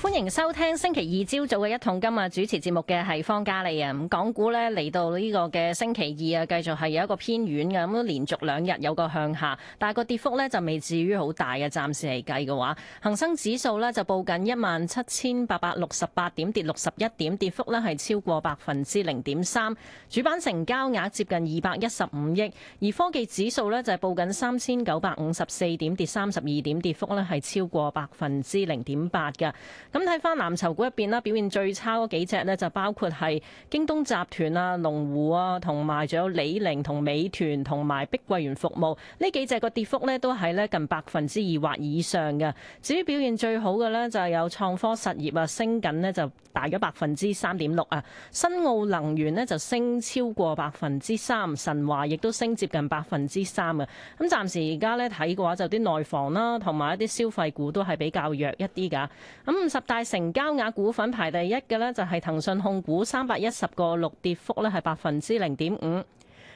歡迎收聽星期二朝早嘅一桶金，今日主持節目嘅係方嘉莉啊。咁港股咧嚟到呢個嘅星期二啊，繼續係有一個偏軟嘅咁，連續兩日有個向下，但係個跌幅呢就未至於好大嘅。暫時嚟計嘅話，恒生指數呢就報緊一萬七千八百六十八點，跌六十一點，跌幅呢係超過百分之零點三。主板成交額接近二百一十五億，而科技指數呢就係報緊三千九百五十四點，跌三十二點，跌幅呢係超過百分之零點八嘅。咁睇翻藍籌股入邊啦，表現最差嗰幾隻咧就包括係京東集團啊、龍湖啊，同埋仲有李寧、同美團、同埋碧桂園服務呢幾隻，個跌幅呢，都係呢近百分之二或以上嘅。至於表現最好嘅呢，就係有創科實業啊，升緊呢就大約百分之三點六啊，新奧能源呢，就升超過百分之三，神華亦都升接近百分之三啊。咁暫時而家呢，睇嘅話就啲內房啦，同埋一啲消費股都係比較弱一啲㗎。咁。十大成交額股份排第一嘅呢，就係騰訊控股三百一十個六，跌幅呢，係百分之零點五。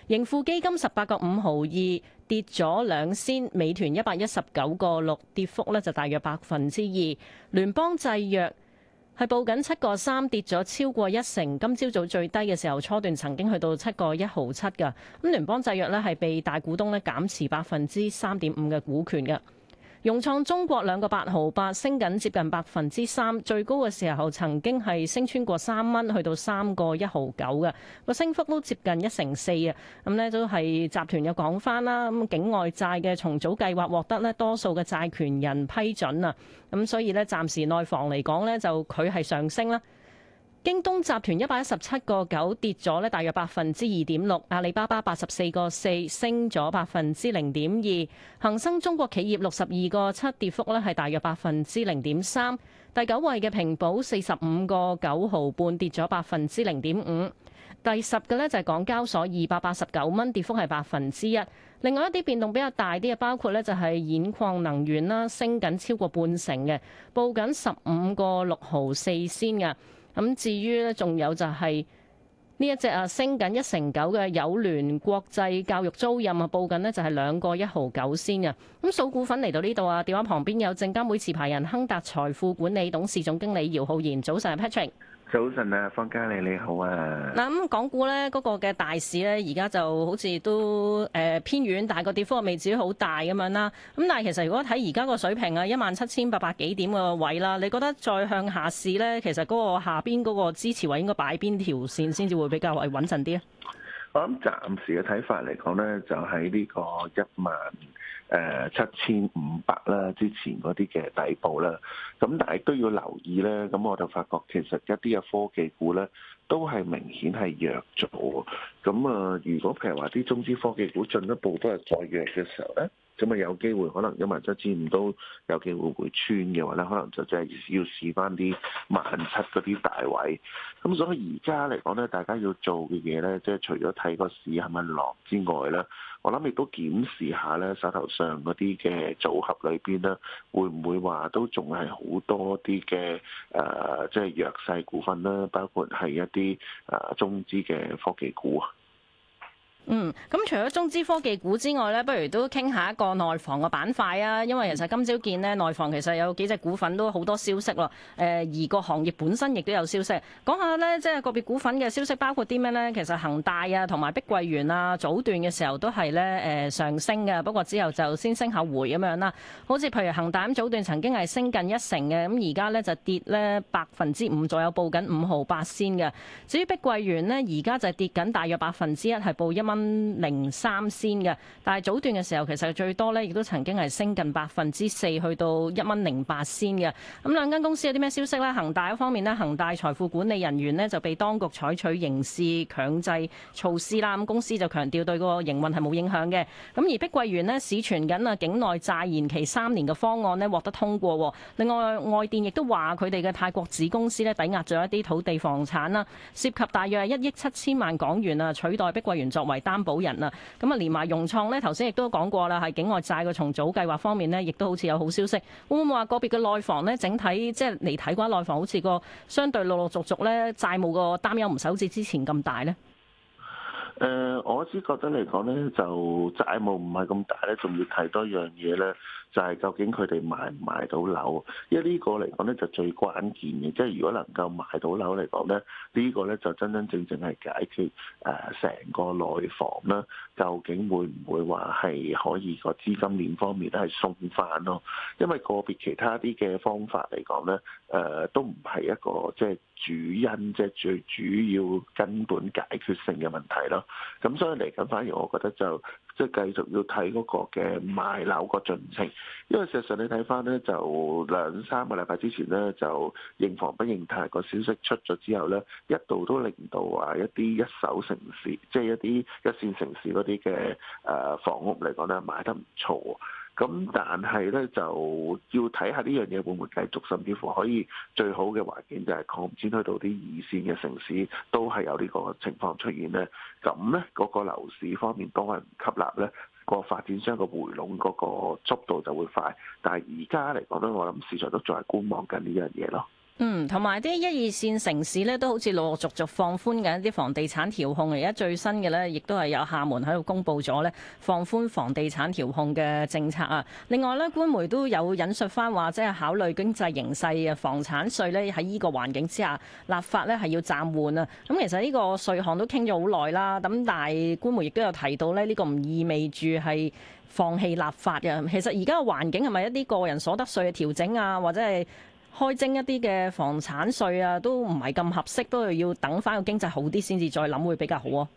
盈富基金十八個五毫二，跌咗兩仙。美團一百一十九個六，跌幅呢，就大約百分之二。聯邦製藥係報緊七個三，跌咗超過一成。今朝早，早最低嘅時候，初段曾經去到七個一毫七㗎。咁聯邦製藥呢，係被大股東呢減持百分之三點五嘅股權嘅。融創中國兩個八毫八升緊，接近百分之三，最高嘅時候曾經係升穿過三蚊，去到三個一毫九嘅個升幅都接近一成四啊、嗯！咁呢都係集團有講翻啦，咁境外債嘅重組計劃獲得呢多數嘅債權人批准啊，咁、嗯、所以呢，暫時內房嚟講呢，就佢係上升啦。京東集團一百一十七個九跌咗咧，大約百分之二點六。阿里巴巴八十四個四升咗百分之零點二。恒生中國企業六十二個七跌幅咧係大約百分之零點三。第九位嘅平保四十五個九毫半跌咗百分之零點五。第十個呢就係港交所二百八十九蚊，跌幅係百分之一。另外一啲變動比較大啲嘅，包括呢就係兗礦能源啦，升緊超過半成嘅，報緊十五個六毫四先嘅。咁至於咧，仲有就係呢一隻啊，升緊一成九嘅友聯國際教育租賃啊，報緊咧就係兩個一毫九先嘅。咁數股份嚟到呢度啊，電話旁邊有證監會持牌人亨達財富管理董事總經理姚浩然，早晨，Patrick。早晨啊，方嘉莉你好啊！嗱，咁港股咧嗰、那個嘅大市咧，而家就好似都誒、呃、偏軟，但係個跌幅未至於好大咁樣啦。咁但係其實如果睇而家個水平啊，一萬七千八百幾點個位啦，你覺得再向下試咧，其實嗰個下邊嗰個支持位應該擺邊條線先至會比較係穩陣啲咧？我諗暫時嘅睇法嚟講咧，就喺呢個一萬，誒、呃、七千五百啦，之前嗰啲嘅底部啦，咁但係都要留意咧。咁我就發覺其實一啲嘅科技股咧，都係明顯係弱咗。咁啊，如果譬如話啲中資科技股進一步都係再弱嘅時候咧，咁啊，有機會可能一萬七千五都有機會會穿嘅話咧，可能就即係要試翻啲萬七嗰啲大位。咁所以而家嚟講咧，大家要做嘅嘢咧，即係除咗睇個市係咪落之外咧，我諗亦都檢視下咧，手頭上嗰啲嘅組合裏邊咧，會唔會話都仲係好多啲嘅誒，即係弱勢股份啦，包括係一啲誒中資嘅科技股啊。嗯，咁、啊、除咗中資科技股之外咧，不如都傾下一個內房嘅板塊啊！因為其實今朝見咧內房其實有幾隻股份都好多消息咯。誒、呃，而個行業本身亦都有消息。講下呢即係個別股份嘅消息，包括啲咩呢？其實恒大啊，同埋碧桂園啊，早段嘅時候都係呢誒、呃、上升嘅，不過之後就先升後回咁樣啦。好似譬如恒大咁，早段曾經係升近一成嘅，咁而家呢就跌呢百分之五左右，報緊五毫八仙嘅。至於碧桂園呢，而家就係跌緊大約百分之一，係報一蚊。一蚊零三仙嘅，但係早段嘅時候其實最多咧，亦都曾經係升近百分之四，去到一蚊零八仙嘅。咁兩間公司有啲咩消息咧？恒大一方面咧，恒大財富管理人員咧就被當局採取刑事強制措施啦。咁公司就強調對 𠮶 個營運係冇影響嘅。咁而碧桂園咧，市傳緊啊，境內債延期三年嘅方案咧獲得通過，另外外電亦都話佢哋嘅泰國子公司咧抵押咗一啲土地房產啦，涉及大約一億七千萬港元啊，取代碧桂園作為。擔保人啊，咁啊連埋融創咧，頭先亦都講過啦，係境外債嘅重組計劃方面呢，亦都好似有好消息。會唔會話個別嘅內房咧，整體即係嚟睇嘅話，就是、內房好似個相對陸陸續續咧，債務個擔憂唔係好似之前咁大咧？誒、呃，我只覺得嚟講咧，就債務唔係咁大咧，仲要睇多樣嘢咧。就係究竟佢哋賣唔賣到樓，因為呢個嚟講咧就最關鍵嘅，即係如果能夠賣到樓嚟講咧，呢、這個咧就真真正正係解決誒成個內房啦。究竟會唔會話係可以個資金鏈方面咧係送翻咯？因為個別其他啲嘅方法嚟講咧，誒、呃、都唔係一個即係主因，即、就、係、是、最主要根本解決性嘅問題咯。咁所以嚟緊反而我覺得就。即係繼續要睇嗰個嘅賣樓個進程，因為事實上你睇翻咧，就兩三個禮拜之前咧，就認房不認貸個消息出咗之後咧，一度都令到話一啲一手城市，即係一啲一線城市嗰啲嘅誒房屋嚟講咧，賣得唔錯。咁但係咧，就要睇下呢樣嘢會唔會繼續，甚至乎可以最好嘅環境就係擴展去到啲二線嘅城市，都係有呢個情況出現咧。咁咧，嗰、嗰個樓市方面當然唔吸納咧，嗰個發展商個回籠嗰個速度就會快。但係而家嚟講咧，我諗市場都仲係觀望緊呢樣嘢咯。嗯，同埋啲一二線城市咧，都好似陸陸續續放寬緊一啲房地產調控。而家最新嘅咧，亦都係有廈門喺度公布咗咧放寬房地產調控嘅政策啊。另外咧，官媒都有引述翻話，即係考慮經濟形勢嘅房產稅咧，喺依個環境之下立法咧係要暫緩啊。咁其實呢個稅項都傾咗好耐啦。咁但係官媒亦都有提到咧，呢個唔意味住係放棄立法嘅。其實而家嘅環境係咪一啲個人所得稅嘅調整啊，或者係？開徵一啲嘅房產稅啊，都唔係咁合適，都係要等翻個經濟好啲先至再諗會比較好啊。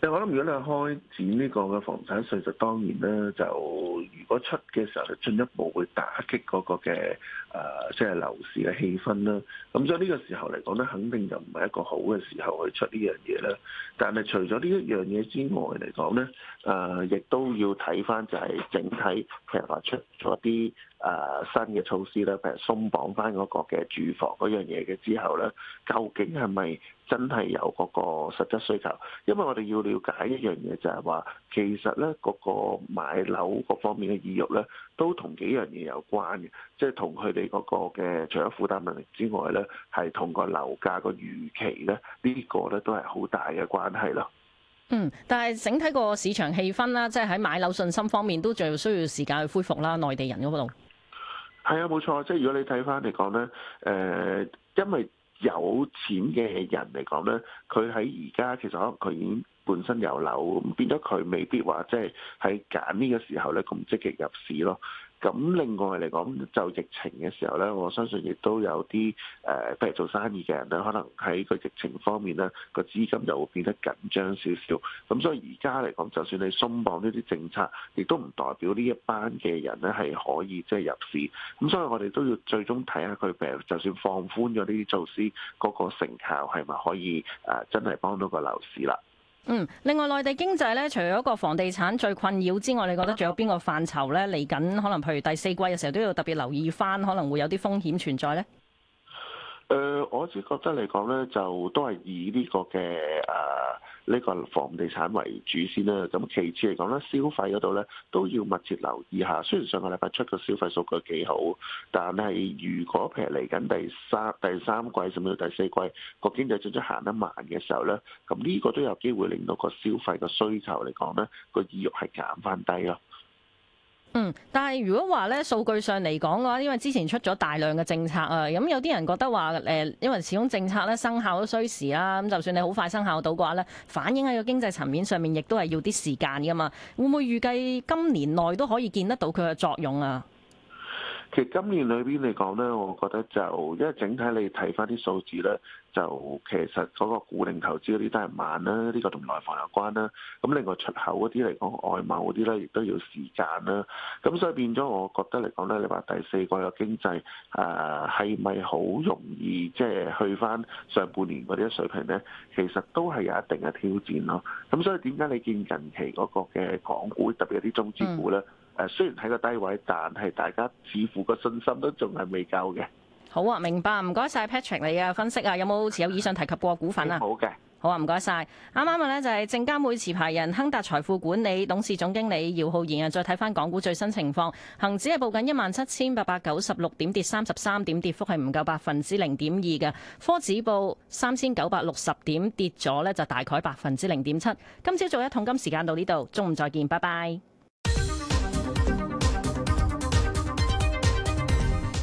誒，我諗如果你係開展呢個嘅房產稅，就當然咧，就如果出嘅時候就進一步會打擊嗰個嘅。誒、呃，即係樓市嘅氣氛啦。咁所以呢個時候嚟講咧，肯定就唔係一個好嘅時候去出呢樣嘢啦。但係除咗呢一樣嘢之外嚟講咧，誒、呃，亦都要睇翻就係整體，譬如話出咗啲誒新嘅措施咧，譬如鬆綁翻嗰個嘅住房嗰樣嘢嘅之後咧，究竟係咪真係有嗰個實質需求？因為我哋要了解一樣嘢就係話，其實咧嗰、嗰個買樓各方面嘅意欲咧。都同幾樣嘢有關嘅，即係同佢哋嗰個嘅，除咗負擔能力之外咧，係同個樓價個預期咧，呢個咧都係好大嘅關係咯。嗯，但係整體個市場氣氛啦，即係喺買樓信心方面都仲需要時間去恢復啦。內地人嗰度係啊，冇錯。即係如果你睇翻嚟講咧，誒，因為有錢嘅人嚟講咧，佢喺而家其實可能佢已經。本身有樓咁，變咗佢未必話即係喺揀呢個時候咧咁積極入市咯。咁另外嚟講，就疫情嘅時候咧，我相信亦都有啲誒，譬如做生意嘅人咧，可能喺個疫情方面咧，個資金就會變得緊張少少。咁所以而家嚟講，就算你鬆綁呢啲政策，亦都唔代表呢一班嘅人咧係可以即係入市。咁所以我哋都要最終睇下佢，譬如就算放寬咗呢啲措施，嗰個成效係咪可以誒真係幫到個樓市啦？嗯，另外，內地經濟咧，除咗個房地產最困擾之外，你覺得仲有邊個範疇咧，嚟緊可能譬如第四季嘅時候都要特別留意返，可能會有啲風險存在咧。誒、呃，我自覺得嚟講咧，就都係以呢個嘅誒。啊呢個房地產為主先啦，咁其次嚟講咧，消費嗰度咧都要密切留意下。雖然上個禮拜出個消費數據幾好，但係如果譬如嚟緊第三第三季甚至到第四季個經濟進出行得慢嘅時候咧，咁呢個都有機會令到個消費個需求嚟講咧個意欲係減翻低咯。嗯，但係如果話咧數據上嚟講嘅話，因為之前出咗大量嘅政策啊，咁有啲人覺得話誒，因為始終政策咧生效都需時啦，咁就算你好快生效到嘅話咧，反映喺個經濟層面上面，亦都係要啲時間㗎嘛，會唔會預計今年內都可以見得到佢嘅作用啊？其實今年裏邊嚟講咧，我覺得就因為整體你睇翻啲數字咧，就其實嗰個固定投資嗰啲都係慢啦，呢、這個同內房有關啦。咁另外出口嗰啲嚟講，外貿嗰啲咧亦都要時間啦。咁所以變咗，我覺得嚟講咧，你話第四季嘅經濟誒係咪好容易即係、就是、去翻上半年嗰啲水平咧？其實都係有一定嘅挑戰咯。咁所以點解你見近期嗰個嘅港股特別啲中資股咧？嗯誒，雖然喺個低位，但係大家似乎個信心都仲係未夠嘅。好啊，明白，唔該晒 Patrick 你嘅分析啊，有冇持有以上提及過股份啊？好嘅，好啊，唔該晒。啱啱問呢，就係證監會持牌人亨達財富管理董事總經理姚浩然啊，再睇翻港股最新情況。恒指係報緊一萬七千八百九十六點，跌三十三點，跌幅係唔夠百分之零點二嘅。科指報三千九百六十點，跌咗呢，就大概百分之零點七。今朝早一桶金時間到呢度，中午再見，拜拜。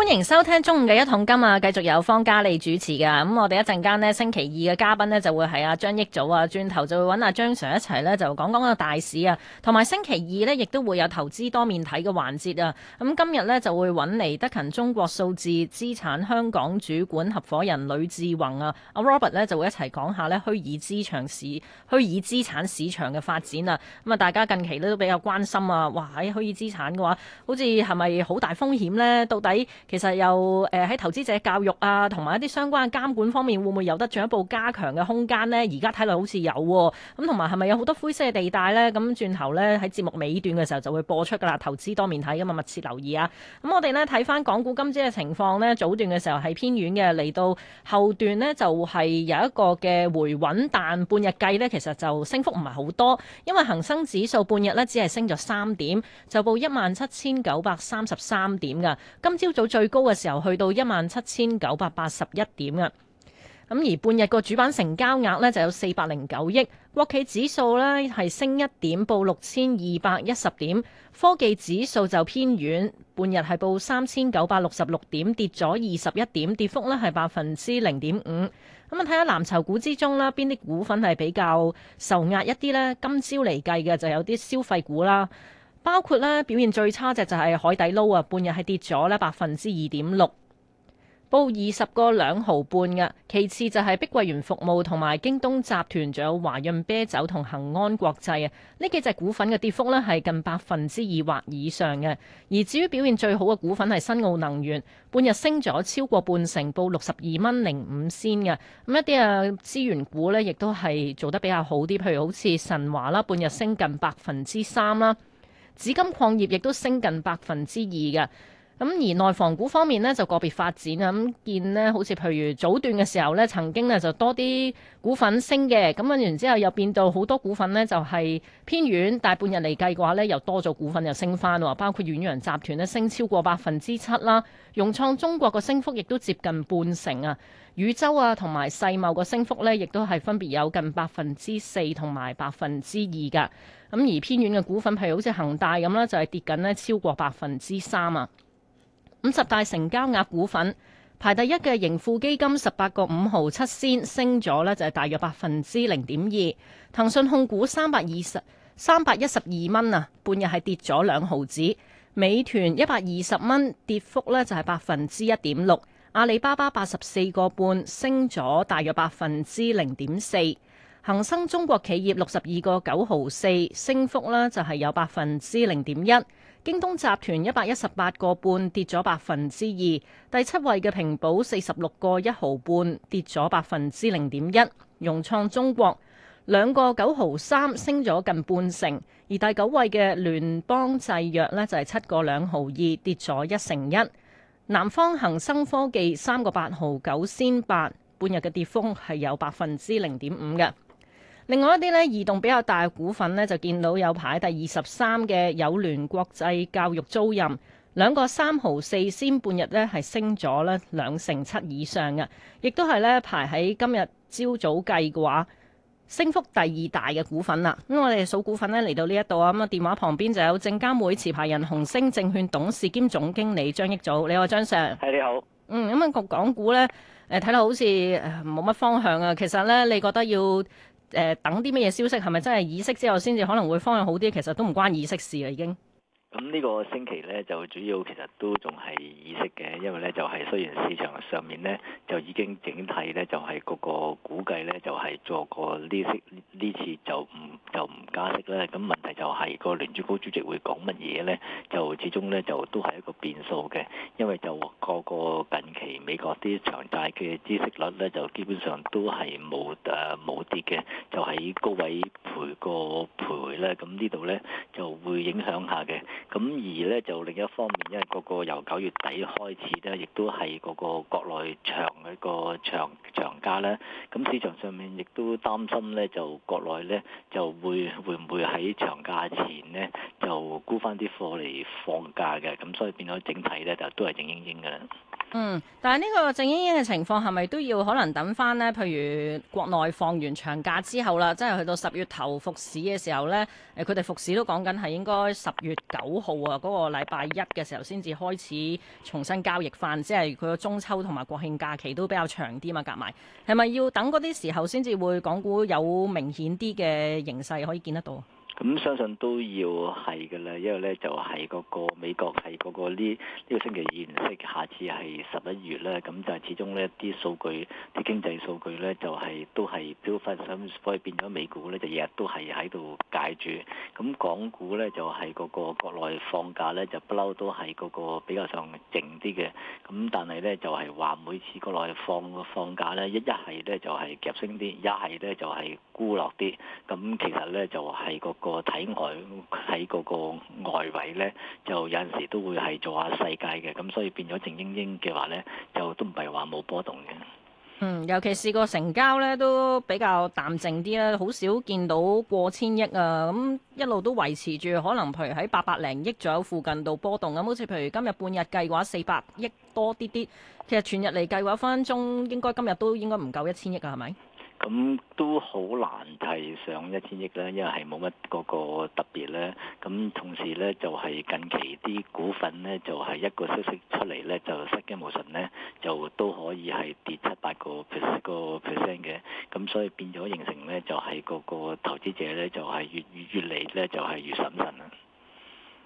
歡迎收聽中午嘅一桶金啊！繼續有方嘉利主持噶，咁、嗯、我哋一陣間呢，星期二嘅嘉賓呢，就會係阿張益祖啊，轉頭就會揾阿張 Sir 一齊呢，就講講個大市啊，同埋星期二呢，亦都會有投資多面睇嘅環節啊。咁、嗯、今日呢，就會揾嚟德勤中國數字資產香港主管合伙人呂志宏啊，阿 Robert 呢，就會一齊講下呢虛擬資產市虛擬資產市場嘅發展啊。咁、嗯、啊，大家近期呢，都比較關心啊，哇喺、哎、虛擬資產嘅話，好似係咪好大風險呢？到底？其實又誒喺投資者教育啊，同埋一啲相關嘅監管方面，會唔會有得進一步加強嘅空間呢？而家睇落好似有咁、啊，同埋係咪有好多灰色嘅地帶呢？咁轉頭呢，喺節目尾段嘅時候就會播出㗎啦，投資多面睇㗎嘛，密切留意啊！咁我哋呢，睇返港股今朝嘅情況呢。早段嘅時候係偏軟嘅，嚟到後段呢，就係、是、有一個嘅回穩，但半日計呢，其實就升幅唔係好多，因為恒生指數半日呢，只係升咗三點，就報一萬七千九百三十三點㗎。今朝早。最高嘅時候去到一萬七千九百八十一點啊，咁而半日個主板成交額呢，就有四百零九億，國企指數呢，係升一點報六千二百一十點，科技指數就偏軟，半日係報三千九百六十六點，跌咗二十一點，跌幅呢係百分之零點五。咁啊睇下藍籌股之中啦，邊啲股份係比較受壓一啲呢？今朝嚟計嘅就有啲消費股啦。包括咧表現最差隻就係海底撈啊，半日係跌咗咧百分之二點六，報二十個兩毫半嘅。其次就係碧桂園服務同埋京東集團，仲有華潤啤酒同恒安國際啊。呢幾隻股份嘅跌幅呢係近百分之二或以上嘅。而至於表現最好嘅股份係新奧能源，半日升咗超過半成，報六十二蚊零五仙嘅。咁一啲啊資源股呢亦都係做得比較好啲，譬如好似神華啦，半日升近百分之三啦。紫金礦業亦都升近百分之二㗎，咁而內房股方面呢，就個別發展啊，咁見呢，好似譬如早段嘅時候呢，曾經呢就多啲股份升嘅，咁跟住之後又變到好多股份呢就係、是、偏軟，大半日嚟計嘅話呢，又多咗股份又升返喎，包括遠洋集團呢，升超過百分之七啦，融創中國嘅升幅亦都接近半成啊。宇宙啊，同埋世茂個升幅呢，亦都係分別有近百分之四同埋百分之二噶。咁而偏遠嘅股份，譬如好似恒大咁啦，就係跌緊呢超過百分之三啊。五十大成交額股份排第一嘅盈富基金十八個五毫七仙升咗呢，就係大約百分之零點二。騰訊控股三百二十三百一十二蚊啊，半日係跌咗兩毫子。美團一百二十蚊，跌幅呢就係百分之一點六。阿里巴巴八十四個半升咗大約百分之零點四，恒生中國企業六十二個九毫四，升幅呢，就係有百分之零點一。京東集團一百一十八個半跌咗百分之二，第七位嘅平保四十六個一毫半跌咗百分之零點一。融創中國兩個九毫三升咗近半成，而第九位嘅聯邦製藥呢，就係七個兩毫二跌咗一成一。南方恒生科技三個八毫九仙八，半日嘅跌幅係有百分之零點五嘅。另外一啲呢移動比較大嘅股份呢，就見到有排第二十三嘅友聯國際教育租賃兩個三毫四先，半日呢，係升咗呢兩成七以上嘅，亦都係呢排喺今日朝早計嘅話。升幅第二大嘅股份啦，咁我哋數股份呢，嚟到呢一度啊，咁、嗯、啊，電話旁邊就有證監會持牌人宏星證券董事兼總經理張益祖，你好張 Sir，係你好，嗯，咁啊講港股呢，誒，睇落好似冇乜方向啊，其實呢，你覺得要誒、呃、等啲乜嘢消息，係咪真係議息之後先至可能會方向好啲？其實都唔關議息事啦，已經。咁呢、嗯這個星期咧，就主要其實都仲係意識嘅，因為咧就係、是、雖然市場上面咧就已經整體咧就係、是、個個估計咧就係作個啲息呢次就唔就唔加息啦。咁問題就係、是這個聯儲局主席會講乜嘢咧，就始終咧就都係一個變數嘅，因為就個個近期美國啲長債嘅孳息率咧就基本上都係冇誒冇跌嘅，就喺高位陪個徘徊咧，咁呢度咧就會影響下嘅。咁而咧就另一方面，因為個個由九月底開始咧，亦都係個個國內長一個長長假咧，咁市場上面亦都擔心咧，就國內咧就會會唔會喺長假前咧就沽翻啲貨嚟放假嘅，咁所以變咗整體咧就都係靜英英㗎啦。嗯，但係呢個鄭英英嘅情況，係咪都要可能等翻呢？譬如國內放完長假之後啦，即係去到十月頭復市嘅時候咧，誒，佢哋復市都講緊，係應該十月九號啊，嗰個禮拜一嘅時候先至開始重新交易翻，即係佢個中秋同埋國慶假期都比較長啲嘛，夾埋係咪要等嗰啲時候先至會港股有明顯啲嘅形勢可以見得到？咁、嗯、相信都要係嘅啦，因為咧就係、是、嗰個美國係嗰個呢呢個星期二唔議息，下次係十一月咧，咁就係始終呢啲數據啲經濟數據咧就係、是、都係飆翻，所以變咗美股咧就日日都係喺度解住。咁港股咧就係、是、嗰、那個國內放假咧就不嬲都係嗰個比較上靜啲嘅，咁但係咧就係、是、話每次國內放個放假咧，一、就是、一係咧就係夾升啲，一係咧就係沽落啲。咁其實咧就係、是那個。個體外喺嗰個外圍呢，就有陣時都會係做下世界嘅，咁所以變咗靜英英嘅話呢，就都唔係話冇波動嘅。嗯，尤其是個成交呢，都比較淡靜啲啦，好少見到過千億啊。咁、嗯、一路都維持住，可能譬如喺八百零億左右附近度波動。咁好似譬如今日半日計嘅話，四百億多啲啲。其實全日嚟計嘅話，分分鐘應該今日都應該唔夠一千億啊，係咪？咁都好難提上一千億啦，因為係冇乜嗰個特別咧。咁同時咧，就係、是、近期啲股份咧，就係、是、一個消息，息出嚟咧，就失驚無神咧，就都可以係跌七八個 percent percent 嘅。咁所以變咗形成咧，就係、是、嗰個投資者咧，就係、是、越越嚟咧，就係越審慎啦。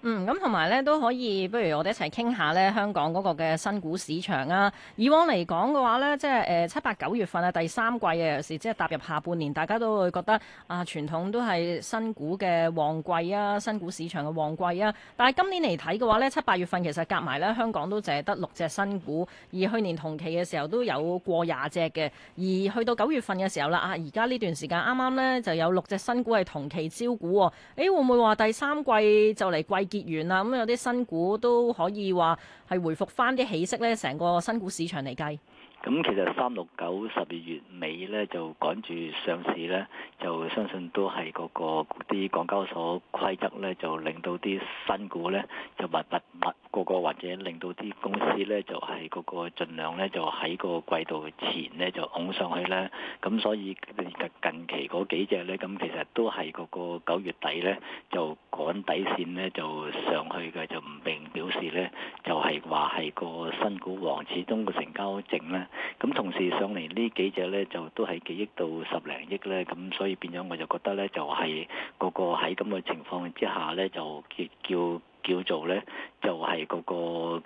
嗯，咁同埋咧都可以，不如我哋一齊傾下咧香港嗰個嘅新股市場啊。以往嚟講嘅話咧，即係誒七八九月份啊，第三季嘅時即係踏入下半年，大家都會覺得啊，傳統都係新股嘅旺季啊，新股市場嘅旺季啊。但係今年嚟睇嘅話咧，七八月份其實夾埋咧，香港都淨係得六隻新股，而去年同期嘅時候都有過廿隻嘅。而去到九月份嘅時候啦，啊而家呢段時間啱啱咧就有六隻新股係同期招股喎、啊，誒、欸、會唔會話第三季就嚟季？結完啦，咁有啲新股都可以話係回復翻啲起色呢，成個新股市場嚟計。咁其實三六九十二月尾咧就趕住上市咧，就相信都係嗰個啲港交所規則咧，就令到啲新股咧就密密密個個，或者令到啲公司咧就係嗰個盡量咧就喺個季度前咧就拱上去咧。咁所以近期嗰幾隻咧，咁其實都係嗰個九月底咧就趕底線咧就上去嘅，就唔並表示咧就係話係個新股王，始終個成交證咧。咁同時上嚟呢幾隻呢，就都係幾億到十零億呢。咁所以變咗我就覺得呢，就係嗰個喺咁嘅情況之下呢，就叫叫做呢，就係、係嗰個、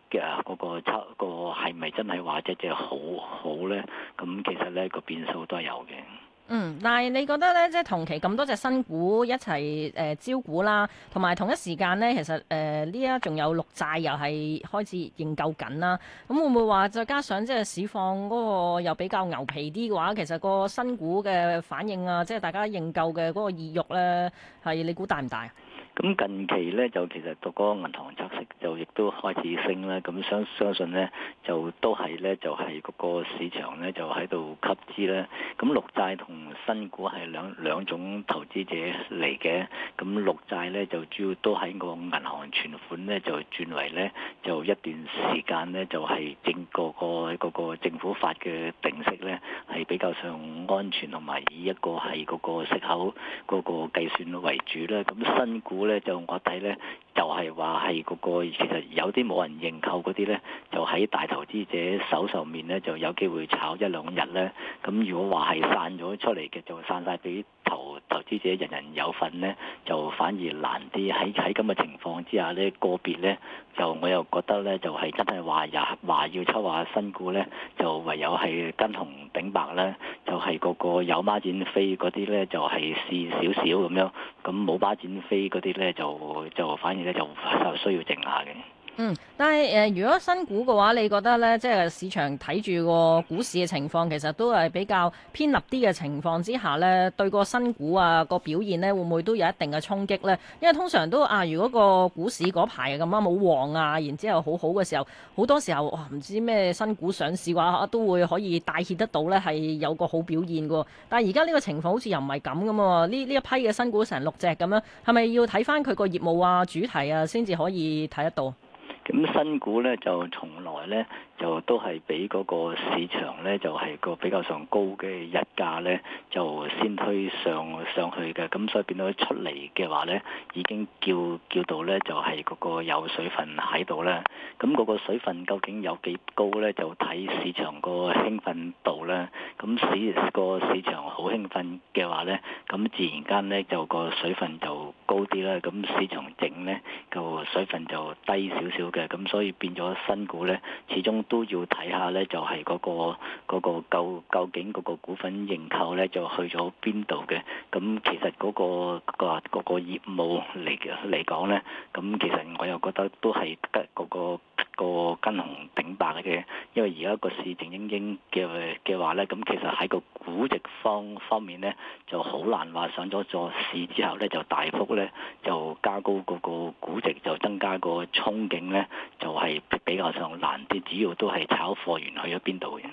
嗰個嘅嗰、嗰個測、嗰個係咪、嗰個嗰個、真係話隻隻好好呢？咁其實呢，個變數都係有嘅。嗯，但係你覺得咧，即係同期咁多隻新股一齊誒、呃、招股啦，同埋同一時間咧，其實誒呢一仲有綠債又係開始認購緊啦。咁會唔會話再加上即係市況嗰個又比較牛皮啲嘅話，其實個新股嘅反應啊，即係大家認購嘅嗰個意欲咧，係你估大唔大？咁近期咧就其實個銀行拆息就亦都開始升啦，咁相相信咧就都係咧就係、是、個市場咧就喺度吸資啦。咁綠債同新股係兩兩種投資者嚟嘅，咁綠債咧就主要都喺個銀行存款咧就轉為咧就一段時間咧就係、是、政、嗰個個、嗰個政府發嘅定息咧係比較上安全同埋以，以一個係個息口個、嗰個計算為主啦。咁新股。咧就我睇咧，就係話係嗰個，其實有啲冇人認購嗰啲咧，就喺大投資者手上面咧就有機會炒一兩日咧。咁如果話係散咗出嚟嘅，就散晒俾。投投資者人人有份呢，就反而難啲。喺喺咁嘅情況之下呢，個別呢，就我又覺得呢，就係真係話呀話要出話新股呢，就唯有係跟紅頂白咧，就係個個有孖展飛嗰啲呢，就係試少少咁樣，咁冇孖展飛嗰啲呢，就就反而呢，就就需要靜下嘅。嗯，但係誒、呃，如果新股嘅話，你覺得呢？即係市場睇住個股市嘅情況，其實都係比較偏立啲嘅情況之下呢，對個新股啊個表現呢，會唔會都有一定嘅衝擊呢？因為通常都啊，如果個股市嗰排咁啱好旺啊，然之後好好嘅時候，好多時候哇，唔、哦、知咩新股上市嘅話，都會可以帶挈得到呢，係有個好表現嘅。但係而家呢個情況好似又唔係咁嘅嘛？呢呢一批嘅新股成六隻咁樣，係、嗯、咪要睇翻佢個業務啊、主題啊，先至可以睇得到？咁新股咧就從來咧。就都係俾嗰個市場咧，就係、係、個比較上高嘅日價咧，就先推上上去嘅。咁所以變到出嚟嘅話咧，已經叫叫到咧，就係、係、嗰個有水分喺度啦。咁嗰個水分究竟有幾高咧？就睇市場個興奮度啦。咁市、嗰個市場好興奮嘅話咧，咁自然間咧就個水分就高啲啦。咁市場整咧就水分就低少少嘅。咁所以變咗新股咧，始終。都要睇下咧，就係嗰、嗰個、嗰、嗰個究究竟嗰個股份認購咧，就去咗邊度嘅？咁其實嗰、嗰個、個、嗰、嗰個業務嚟嘅嚟講咧，咁其實我又覺得都係得嗰個。個跟紅頂白嘅，因為而家個市靜英英嘅嘅話咧，咁其實喺個估值方方面咧，就好難話上咗座市之後咧，就大幅咧就加高嗰個估值，就增加個憧憬咧，就係、是、比較上難啲，主要都係炒貨源去咗邊度嘅。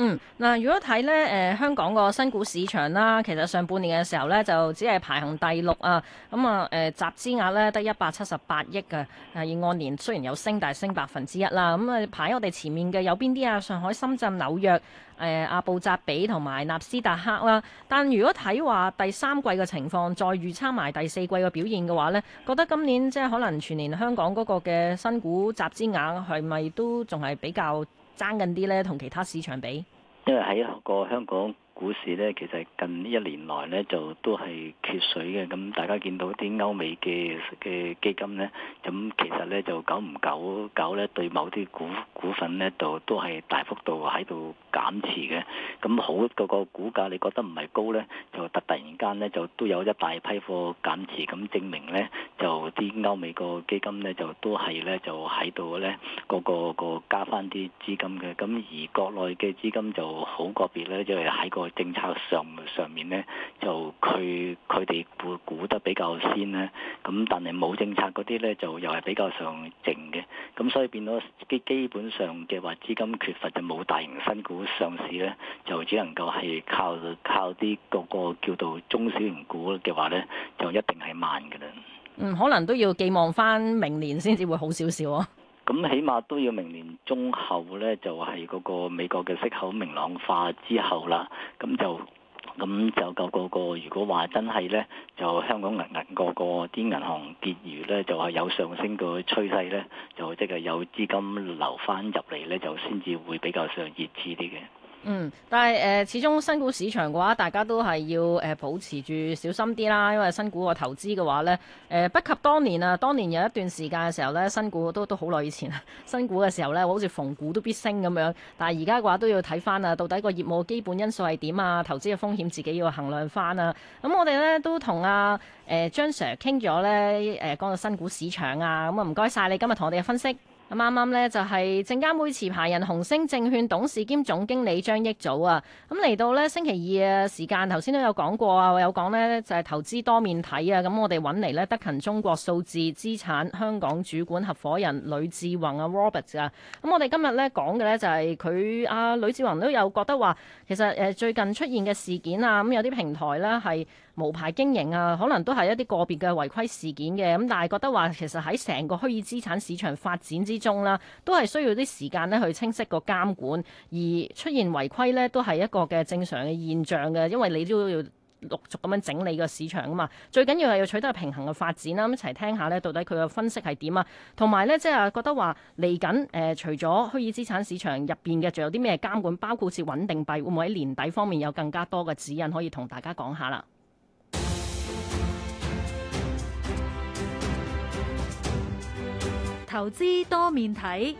嗯，嗱，如果睇呢，誒、呃，香港個新股市場啦，其實上半年嘅時候呢，就只係排行第六啊，咁啊，誒，集資額呢，得一百七十八億啊，誒按年雖然有升，但係升百分之一啦，咁啊排我哋前面嘅有邊啲啊？上海、深圳、紐約，誒、呃，阿布扎比同埋納斯達克啦、啊。但如果睇話第三季嘅情況再預測埋第四季嘅表現嘅話呢，覺得今年即係可能全年香港嗰個嘅新股集資額，係咪都仲係比較。爭緊啲呢，同其他市場比，因為喺個香港股市咧，其實近一年來咧就都係缺水嘅。咁大家見到啲歐美嘅嘅基金咧，咁其實咧就久唔久久咧，對某啲股股份咧就都係大幅度喺度減持嘅。咁好、個個股價，你覺得唔係高咧，就突突然間咧就都有一大批貨減持，咁證明咧就啲歐美個基金咧就都係咧就喺度咧個個個加翻啲資金嘅。咁而國內嘅資金就好個別咧，就係喺個。政策上上面咧，就佢佢哋估估得比較先啦。咁但係冇政策嗰啲咧，就又係比較上靜嘅。咁所以變到基基本上嘅話，資金缺乏就冇大型新股上市咧，就只能夠係靠靠啲嗰個叫做中小型股嘅話咧，就一定係慢噶啦。嗯，可能都要寄望翻明年先至會好少少囉。咁起碼都要明年中後呢，就係嗰個美國嘅息口明朗化之後啦，咁就咁就夠嗰個。如果話真係呢，就香港銀銀個個啲銀行結餘呢，就係有上升個趨勢呢，就即係有資金流翻入嚟呢，就先至會比較上熱刺啲嘅。嗯，但係誒、呃，始終新股市場嘅話，大家都係要誒、呃、保持住小心啲啦，因為新股個投資嘅話咧，誒、呃、不及當年啊，當年有一段時間嘅時候咧，新股都都好耐以前啊，新股嘅時候咧，好似逢股都必升咁樣，但係而家嘅話都要睇翻啊，到底個業務基本因素係點啊，投資嘅風險自己要衡量翻啊，咁、嗯、我哋咧都同阿誒張 Sir 傾咗咧，誒、呃、講到新股市場啊，咁啊唔該晒你今日同我哋嘅分析。啱啱呢就係證監會持牌人紅星證券董事兼總經理張益祖啊，咁、嗯、嚟到呢星期二啊時間，頭先都有講過啊，有講呢，就係投資多面睇啊，咁、嗯、我哋揾嚟呢德勤中國數字資產香港主管合伙人呂志宏啊 Robert 啊，咁、嗯、我哋今日呢講嘅呢，就係佢啊呂志宏都有覺得話，其實誒最近出現嘅事件啊，咁、嗯、有啲平台呢係無牌經營啊，可能都係一啲個別嘅違規事件嘅，咁、嗯、但係覺得話其實喺成個虛擬資產市場發展之中啦，都係需要啲時間咧去清晰個監管，而出現違規咧都係一個嘅正常嘅現象嘅，因為你都要陸續咁樣整理個市場啊嘛。最緊要係要取得平衡嘅發展啦。咁一齊聽下咧，到底佢嘅分析係點啊？同埋咧，即係覺得話嚟緊誒，除咗虛擬資產市場入邊嘅，仲有啲咩監管，包括似穩定幣，會唔會喺年底方面有更加多嘅指引可以同大家講下啦？投資多面睇。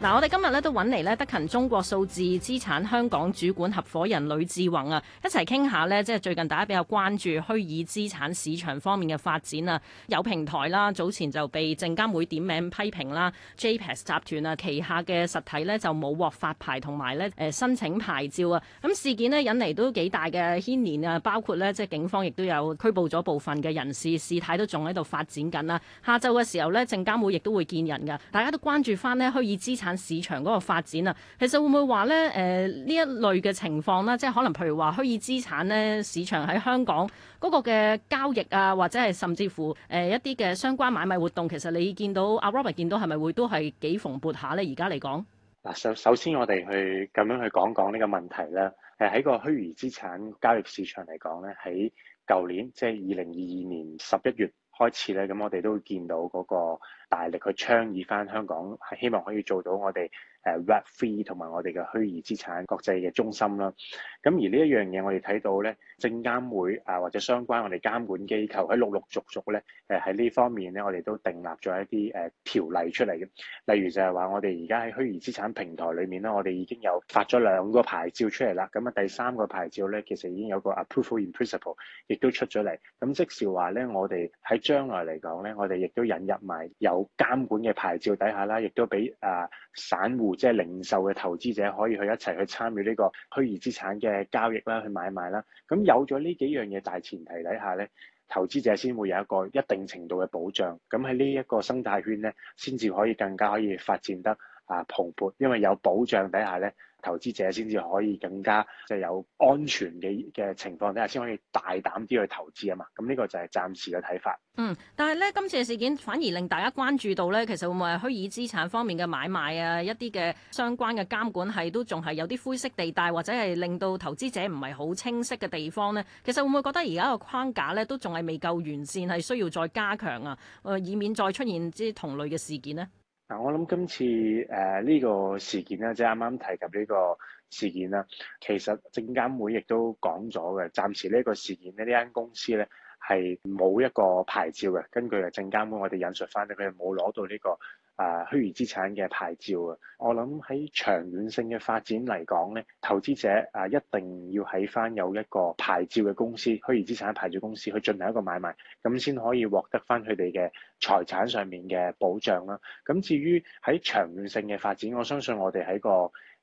嗱、啊，我哋今日咧都揾嚟咧德勤中國數字資產香港主管合夥人呂志宏啊，一齊傾下咧，即係最近大家比較關注虛擬資產市場方面嘅發展啊。有平台啦，早前就被證監會點名批評啦。JPEX 集團啊，旗下嘅實體咧就冇獲發牌同埋咧誒申請牌照啊。咁、嗯、事件咧引嚟都幾大嘅牽連啊，包括咧即係警方亦都有拘捕咗部分嘅人士，事態都仲喺度發展緊啦、啊。下晝嘅時候咧，證監會亦都會見人噶，大家都關注翻咧虛擬資產。市場嗰個發展啊，其實會唔會話咧？誒、呃，呢一類嘅情況啦，即係可能，譬如話虛擬資產咧，市場喺香港嗰個嘅交易啊，或者係甚至乎誒一啲嘅相關買賣活動，其實你見到阿、啊、Robert 見到係咪會都係幾蓬勃下咧？而家嚟講，嗱，首首先我哋去咁樣去講講呢個問題啦。係喺個虛擬資產交易市場嚟講咧，喺舊年即係二零二二年十一月。開始咧，咁我哋都會見到嗰個大力去倡議翻香港，係希望可以做到我哋誒 Rap Free 同埋我哋嘅虛擬資產國際嘅中心啦。咁而呢一樣嘢，我哋睇到咧。證監會啊，或者相關我哋監管機構，喺陸陸續續咧，誒喺呢方面咧，我哋都訂立咗一啲誒、呃、條例出嚟嘅。例如就係話，我哋而家喺虛擬資產平台裡面咧，我哋已經有發咗兩個牌照出嚟啦。咁啊，第三個牌照咧，其實已經有個 Approval in Principle 亦都出咗嚟。咁即係話咧，我哋喺將來嚟講咧，我哋亦都引入埋有監管嘅牌照底下啦，亦都俾誒、呃、散戶即係零售嘅投資者可以去一齊去參與呢個虛擬資產嘅交易啦，去買賣啦。咁有咗呢幾樣嘢大前提底下咧，投資者先會有一個一定程度嘅保障。咁喺呢一個生態圈呢，先至可以更加可以發展得啊蓬勃，因為有保障底下呢。投資者先至可以更加即係有安全嘅嘅情況底下，先可以大膽啲去投資啊嘛。咁、這、呢個就係暫時嘅睇法。嗯，但係咧，今次嘅事件反而令大家關注到咧，其實會唔會係虛擬資產方面嘅買賣啊，一啲嘅相關嘅監管係都仲係有啲灰色地帶，或者係令到投資者唔係好清晰嘅地方咧。其實會唔會覺得而家個框架咧都仲係未夠完善，係需要再加強啊？誒、呃，以免再出現啲同類嘅事件呢？嗱，我諗今次誒呢個事件咧，即係啱啱提及呢個事件啦。其實證監會亦都講咗嘅，暫時呢個事件咧，呢間公司咧係冇一個牌照嘅。根據啊證監會，我哋引述翻咧，佢係冇攞到呢個。啊，虛擬資產嘅牌照啊，我諗喺長遠性嘅發展嚟講咧，投資者啊一定要喺返有一個牌照嘅公司，虛擬資產牌照公司去進行一個買賣，咁先可以獲得返佢哋嘅財產上面嘅保障啦。咁至於喺長遠性嘅發展，我相信我哋喺個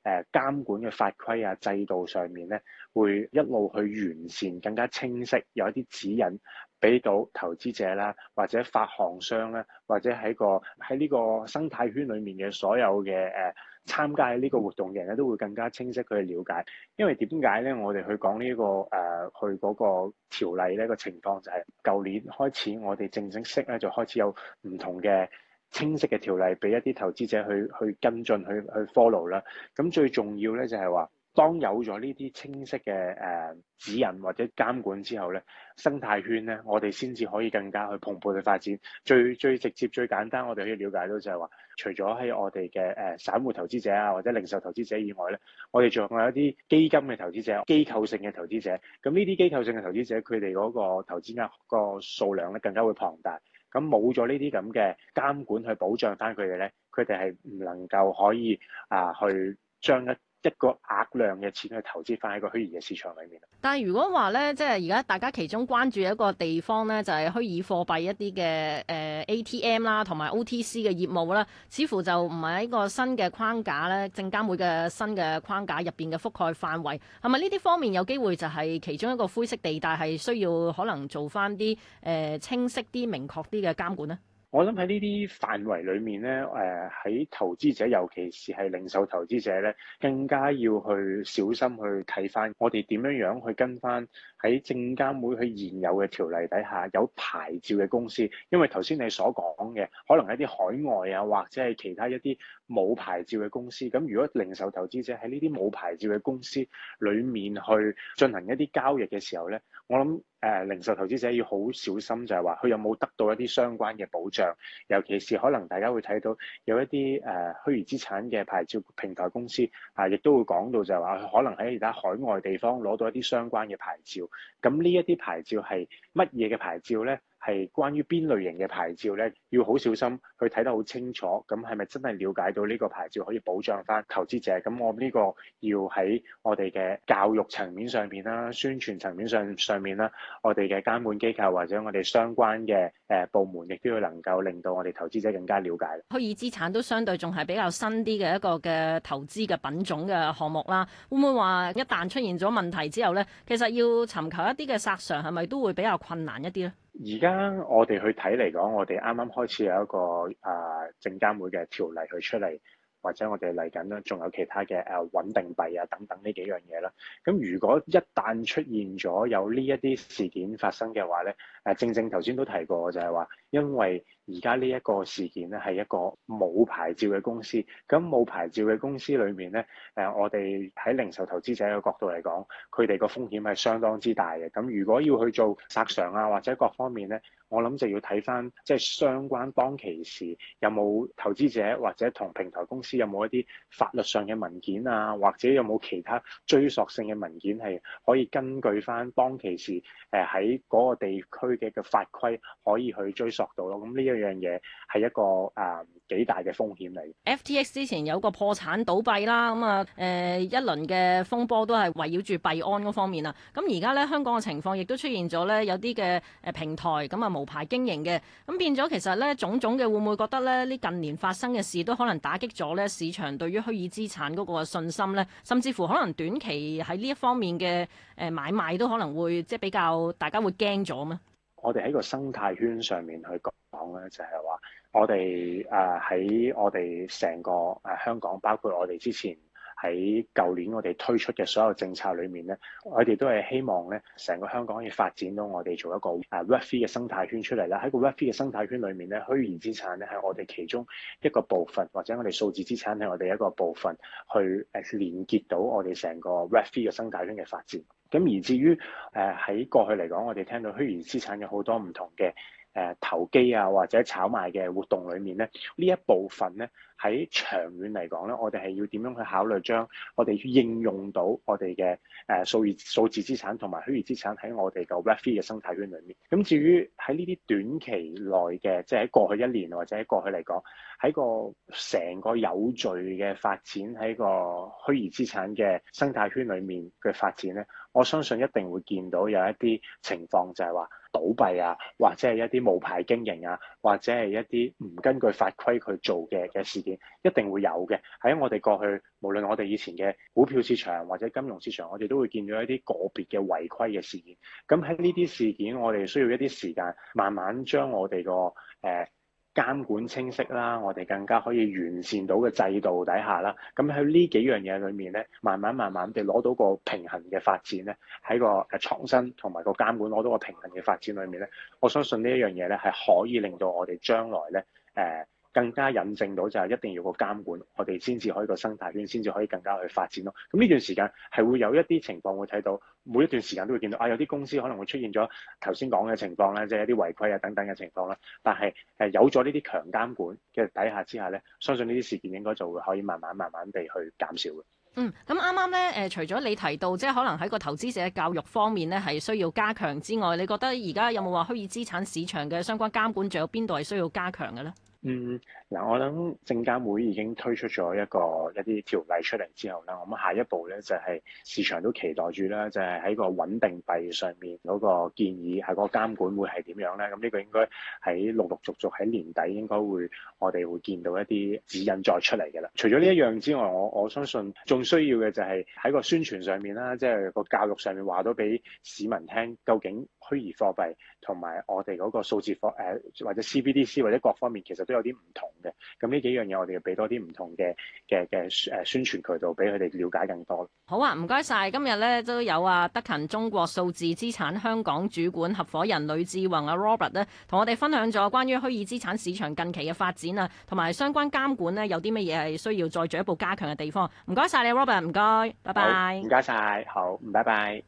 誒監管嘅法規啊制度上面咧，會一路去完善，更加清晰，有一啲指引。俾到投資者啦，或者發行商啦，或者喺個喺呢個生態圈裡面嘅所有嘅誒參加呢個活動嘅人咧，都會更加清晰佢嘅瞭解。因為點解咧？我哋去講呢一個、呃、去嗰個條例呢個情況就係、是，舊年開始我哋正正式式咧就開始有唔同嘅清晰嘅條例，俾一啲投資者去去跟進，去去 follow 啦。咁最重要咧就係話。當有咗呢啲清晰嘅誒指引或者監管之後咧，生態圈咧，我哋先至可以更加去蓬勃嘅發展。最最直接、最簡單，我哋可以了解到就係話，除咗喺我哋嘅誒散戶投資者啊，或者零售投資者以外咧，我哋仲有一啲基金嘅投資者、機構性嘅投資者。咁呢啲機構性嘅投資者，佢哋嗰個投資額個數量咧更加會龐大。咁冇咗呢啲咁嘅監管去保障翻佢哋咧，佢哋係唔能夠可以啊去將一一個額量嘅錢去投資翻喺個虛擬嘅市場裏面。但係如果話咧，即係而家大家其中關注一個地方咧，就係虛擬貨幣一啲嘅誒 ATM 啦，同埋 OTC 嘅業務啦，似乎就唔係喺個新嘅框架咧，證監會嘅新嘅框架入邊嘅覆蓋範圍。係咪呢啲方面有機會就係其中一個灰色地帶，係需要可能做翻啲誒清晰啲、明確啲嘅監管呢？我諗喺呢啲範圍裡面咧，誒、呃、喺投資者，尤其是係零售投資者咧，更加要去小心去睇翻，我哋點樣樣去跟翻喺證監會佢現有嘅條例底下有牌照嘅公司，因為頭先你所講嘅，可能係啲海外啊，或者係其他一啲冇牌照嘅公司，咁如果零售投資者喺呢啲冇牌照嘅公司裏面去進行一啲交易嘅時候呢，我諗誒、呃、零售投資者要好小心，就係話，佢有冇得到一啲相關嘅保障，尤其是可能大家會睇到有一啲誒、呃、虛擬資產嘅牌照平台公司啊，亦都會講到就係話，佢可能喺其他海外地方攞到一啲相關嘅牌照，咁呢一啲牌照係乜嘢嘅牌照呢？係關於邊類型嘅牌照呢？要好小心去睇得好清楚。咁係咪真係了解到呢個牌照可以保障返投資者？咁我呢個要喺我哋嘅教育層面上面啦、宣傳層面上上面啦，我哋嘅監管機構或者我哋相關嘅誒部門，亦都要能夠令到我哋投資者更加了解啦。虛擬資，資產都相對仲係比較新啲嘅一個嘅投資嘅品種嘅項目啦。會唔會話一旦出現咗問題之後呢？其實要尋求一啲嘅索償係咪都會比較困難一啲呢？而家我哋去睇嚟講，我哋啱啱開始有一個啊、呃、證監會嘅條例去出嚟，或者我哋嚟緊咧，仲有其他嘅誒、呃、穩定幣啊等等呢幾樣嘢啦。咁如果一旦出現咗有呢一啲事件發生嘅話咧，誒、呃、正正頭先都提過就係話，因為。而家呢一個事件咧，係一個冇牌照嘅公司。咁冇牌照嘅公司裏面咧，誒，我哋喺零售投資者嘅角度嚟講，佢哋個風險係相當之大嘅。咁如果要去做索償啊，或者各方面咧，我諗就要睇翻即係相關當其時有冇投資者或者同平台公司有冇一啲法律上嘅文件啊，或者有冇其他追索性嘅文件係可以根據翻當其時誒喺嗰個地區嘅嘅法規可以去追索到咯。咁呢一呢樣嘢係一個誒幾大嘅風險嚟。FTX 之前有個破產倒閉啦，咁啊誒一輪嘅風波都係圍繞住幣安嗰方面啊。咁而家咧，香港嘅情況亦都出現咗咧，有啲嘅誒平台咁啊無牌經營嘅，咁變咗其實咧種種嘅會唔會覺得咧，呢近年發生嘅事都可能打擊咗咧市場對於虛擬資產嗰個信心咧，甚至乎可能短期喺呢一方面嘅誒買賣都可能會即係比較大家會驚咗啊嘛？我哋喺個生態圈上面去講咧，就係話我哋誒喺我哋成個誒香港，包括我哋之前喺舊年我哋推出嘅所有政策裏面咧，我哋都係希望咧，成個香港可以發展到我哋做一個誒 Web3 嘅生態圈出嚟啦。喺個 Web3 嘅生態圈裏面咧，虛擬資產咧係我哋其中一個部分，或者我哋數字資產係我哋一個部分去誒連結到我哋成個 Web3 嘅生態圈嘅發展。咁而至於誒喺、呃、過去嚟講，我哋聽到虛擬資產嘅好多唔同嘅誒、呃、投機啊，或者炒賣嘅活動裏面咧，呢一部分咧喺長遠嚟講咧，我哋係要點樣去考慮將我哋應用到我哋嘅誒數字數字資產同埋虛擬資產喺我哋個 Web3 嘅生態圈裏面。咁、嗯、至於喺呢啲短期內嘅，即係喺過去一年或者喺過去嚟講，喺個成個有序嘅發展喺個虛擬資產嘅生態圈裏面嘅發展咧。我相信一定會見到有一啲情況，就係話倒閉啊，或者係一啲無牌經營啊，或者係一啲唔根據法規去做嘅嘅事件，一定會有嘅。喺我哋過去，無論我哋以前嘅股票市場或者金融市場，我哋都會見到一啲個別嘅違規嘅事件。咁喺呢啲事件，我哋需要一啲時間慢慢將我哋個，誒、呃。監管清晰啦，我哋更加可以完善到嘅制度底下啦。咁喺呢幾樣嘢裏面咧，慢慢慢慢地攞到個平衡嘅發展咧，喺個創新同埋個監管攞到個平衡嘅發展裏面咧，我相信呢一樣嘢咧係可以令到我哋將來咧誒。呃。更加引證到就係一定要個監管，我哋先至可以個生態圈，先至可以更加去發展咯。咁呢段時間係會有一啲情況會，會睇到每一段時間都會見到啊，有啲公司可能會出現咗頭先講嘅情況啦，即係一啲違規啊等等嘅情況啦。但係誒有咗呢啲強監管嘅底下之下咧，相信呢啲事件應該就會可以慢慢慢慢地去減少嘅。嗯，咁啱啱咧誒，除咗你提到即係可能喺個投資者教育方面咧係需要加強之外，你覺得而家有冇話虛擬資產市場嘅相關監管仲有邊度係需要加強嘅咧？嗯，嗱，我諗證監會已經推出咗一個一啲條例出嚟之後啦，咁下一步咧就係市場都期待住啦，就係喺個穩定幣上面嗰個建議，係個監管會係點樣咧？咁呢個應該喺陸陸續續喺年底應該會，我哋會見到一啲指引再出嚟嘅啦。除咗呢一樣之外，我我相信仲需要嘅就係喺個宣傳上面啦，即係個教育上面話到俾市民聽究竟。虛擬貨幣同埋我哋嗰個數字貨誒或者 CBDC 或者各方面其實都有啲唔同嘅，咁呢幾樣嘢我哋要俾多啲唔同嘅嘅嘅誒宣傳渠道俾佢哋了解更多。好啊，唔該晒。今日咧都有啊德勤中國數字資產香港主管合伙人呂志宏啊 Robert 咧，同我哋分享咗關於虛擬資產市場近期嘅發展啊，同埋相關監管咧有啲乜嘢係需要再進一步加強嘅地方。唔該晒，你 Robert，唔該，拜拜。唔該晒，好，唔拜拜。